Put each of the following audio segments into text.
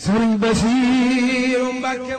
sëriñ Basiiru Mbàkke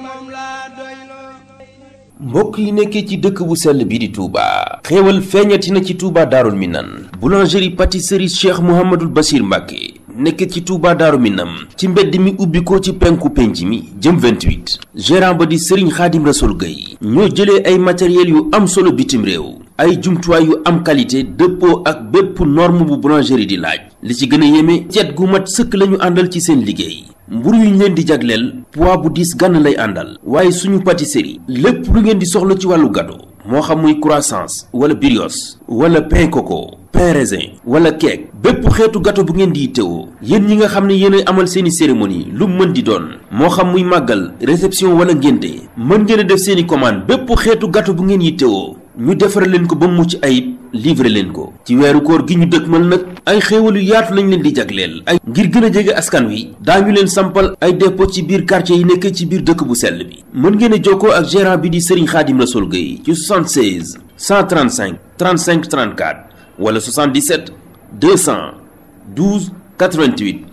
mbokk yi nekkee ci dëkk bu sell bi di Touba. xéewal feeñati na ci Touba Darou Minane boulangerie pâtisserie Cheikh Mouhamadul Bachir Mbàkke nekk ci Touba Darou Minane ci mbedd mi ubbi ko ci penku penc mi jëm 28 gérant ba di sëriñ Xaadim Rasul Gueye ñoo jëlee ay matériel yu am solo bitim réew ay jumtuwaay yu am qualité dëppoo ak bépp norme bu boulangerie di laaj li ci gën a yéeme cet gu mat sëkk lañu àndal ci seen liggéey mburu yu ñu leen di jagleel poids bu diis gann lay àndal waaye suñu pâtisserie lépp lu ngeen di soxla ci wàllu gato moo xam muy croissants wala brioche wala pain coco pain raisin wala cake bépp xeetu gato bu ngeen di teewoo yéen ñi nga xam ne yéen amal seeni cérémonie lu mën di doon moo xam muy màggal réception wala ngénte mën ngeen a def seeni commande bépp xeetu gâteau bu ngeen yi teewoo ñu defar leen ko ba mu mucc ayib livré leen ko ci weeru koor gi ñu dëkkmal nag ay xéewal yu yaatu lañ leen di jagleel ay ngir gën a jege askan wi daa ñu leen sampal ay dépôt ci biir quartier yi nekk ci biir dëkk bu sell bi mën ngeen a jokkoo ak gérant bi di Serigne Khadim Rassoul Gueye ci 76 135 35 34 wala 77 200 12 88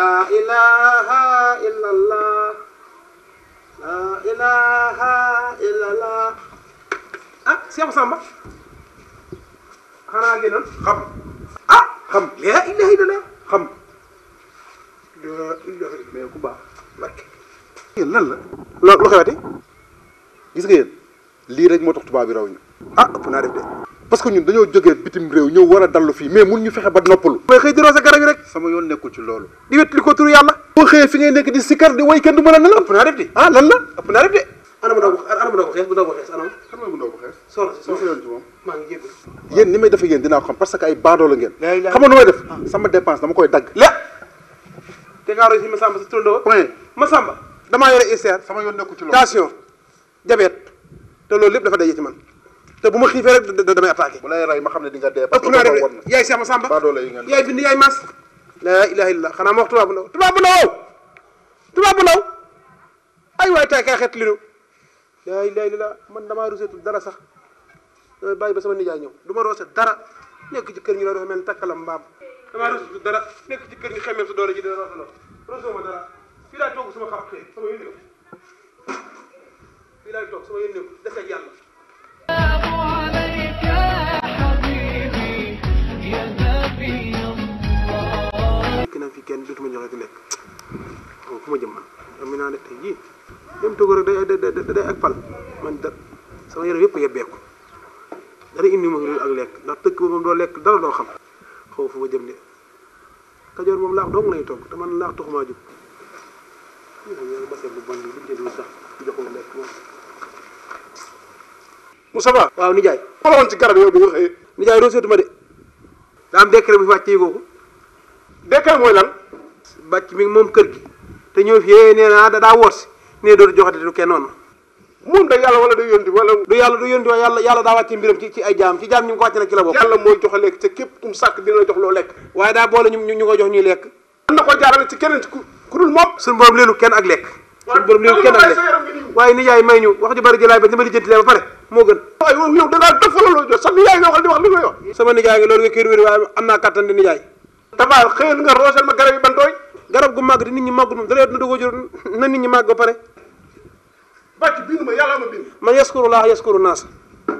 لا إله إلا الله لا إله إلا الله ah Cheikh Samba xanaa gënoon xam ah xam la ilaha illallah xam la ku baax barke yéen lan gis nga yéen lii rek moo tax tubaab bi raw ñu ah, de parce que ñun dañoo jógee bitim réew ñëw war a dallu fii mais mun ñu fexe ba noppalu mooy xëy di roose garab yi rek sama yoon nekkul ci loolu di wet li ko tur yàlla boo xëyee fi ngay nekk di sikkar di way kenn du mën a nelaw ëpp def de ah lan la ëpp naa def de ana bu ndaw bu xees bu ndaw si soxna si moom maa la ngeen xam nga nu may dama koy dagg la si Massamba sa turandoo Massamba damaa yore ICR yoon nekkul ci loolu tension diabète te man te bu ma xiifee rek damay attaqué. bu lay rey ma ne di nga dee. ëpp naa def de yaay Seex Masamba. maa doole yi nga yaay bind yaay mas. laa ilaaha illallaah xanaa ma wax tubaab bu ndaw tubaab bu ndaw tubaab ay waay taay kaa xet li nu laa ilaaha illallaah man damaa roseetul dara sax damay ba sama nijaay ñëw duma ma roose dara nekk ci kër gi la dafa mel takkalam mbaam damaa roseetul dara nekk ci kër gi xemmeem sa doole ji dina ma dara fii laay toog sama xarit sama yónni ko fii laay toog yàlla naa fi kenn dootuma joxe lekk fu ma jëm man am naa ne tey jii dem togo rek day day day ak ma ak ndax tëkk ba moom doo lekk dara doo xam xaw fu ma jëm de kajoor moom laax doog lay togg te man bekkaay mooy lan bàcc mi moom kër gi te ñëw fi yee nee naa daa woor si nee dootu joxati du kenn noonu moom da yàlla wala du yónni wala du yàlla du yónni waaye yàlla yàlla daa te képp kenn ak lekk suñu borom leelu kenn ak lekk waaye ni yaay may dama lijjanti ba pare moo gën waaye yow da ngaa sa nijaay nga wax di wax li nga kër waaye am naa kattan di nijaay tabaal xëyal nga roosal ma garab yi bantooy garab gu màgg di nit ñi màggut moom dalee na dogoo jur na nit ñi màgg ba pare bàcc bind ma ma bind laa yaskuru naas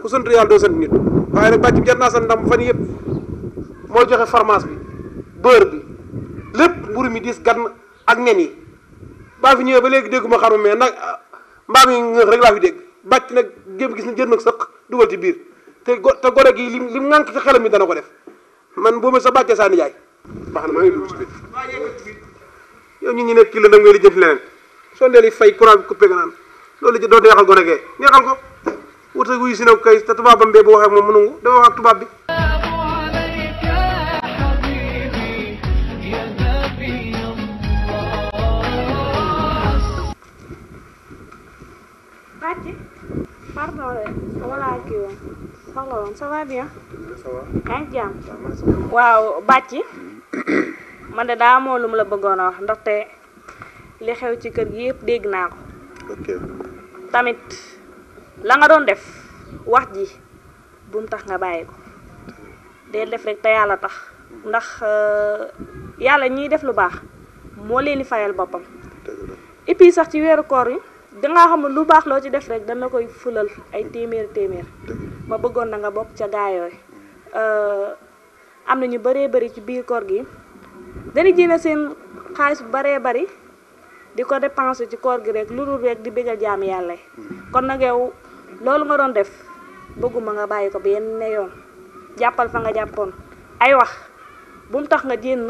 ku sant yàlla doo sant nit waaye nag bàcc bi jar naa sant ndam fan yëpp joxe farmaas bi beurre lépp mburu mi diis ak nen yi baa ñëwee ba léegi dégguma xarum mais nag mbaam yi nga rek laa fi dégg bàcc nag gépp gis na jën nag sëq dugal ci biir te go te gone gi li li mu ŋànk xelam mi dana ko def man boo ma sa bàccee saa nijaay baax na maa ngi dugg ci yow ñun ñu nekk kii la ndam ngay soo dee li fay courant bi coupé nga naan loolu doo neexal gone gee neexal ko wuta wuyu si nag kay te tubaabam bee bu waxee moom mu dama wax ak tubaab bi. waaw Bati. man de daa moo lu ma la bëggoon a wax ndaxte li xew ci kër gi yëpp dégg naa ko. tamit la nga doon def wax ji bu mu tax nga bàyyi ko dee def rek te yàlla tax ndax euh, yàlla ñiy def lu baax moo leen di fayal boppam. et sax ci weeru koor yi dangaa xam lu baax loo ci def rek dana koy fulal ay téeméer téeméer ma bëggoon na nga bokk ca gaayooy euh, am na ñu bëree bëri ci biir koor gi. dañuy jëlee seen xaalis bu baree bari di ko dépensé ci koor gi rek lu dul rek di bégal jaam yàlla kon nag yow loolu nga doon def bëgguma nga bàyyi ko bi yenn ne yoon jàppal fa nga jàppoon ay wax bu mu tax nga jénn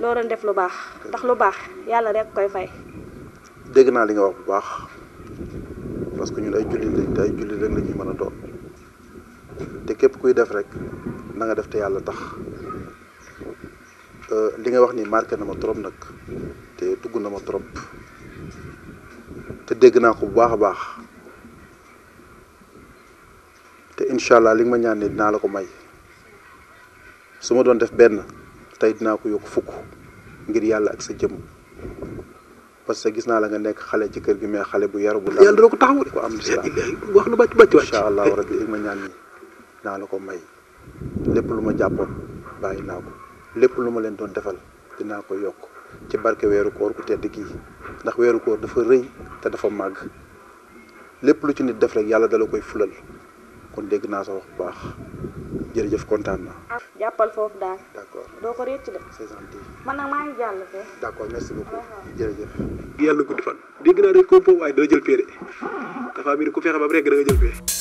loo doon def lu baax ndax lu baax yàlla rek koy fay. dégg naa li nga wax bu baax parce que ñun ay jullit lañ te mën a doon te képp kuy def rek na def te yàlla tax. Euh, li nga wax ni marqué na ma trop nag te dugg na ma trop te dégg naa ko bu baax a baax te incha li nga ma ñaan ne dinaa la ko may su ma doon def benn tey dinaa ko yokk fukk ngir yàlla ak sa jëm parce que gis naa la nga nekk xale ci kër gi mais xale bu yar bu la yàlla doo ko taxaw ko am lislaam wax lu bàcc bàcc li nga ma ñaan la ko may lépp lu ma jàppoon bàyyi naa ko lépp lu ma leen doon defal dinaa ko yokk ci barke weeru koor ku tedd kii ndax weeru koor dafa rëy te dafa màgg lépp lu ci nit def rek yàlla dala koy fulal kon dégg naa sa wax bu baax jërëjëf kontaan naa. jàppal foofu daal. doo ko réccu de. c'est gentil. man nag maa ngi merci beaucoup jërëjëf. yàlla gudd fan. dégg naa rek koo foofu waaye dana jël péré dafa am ku fexe ba rek dana jël péré.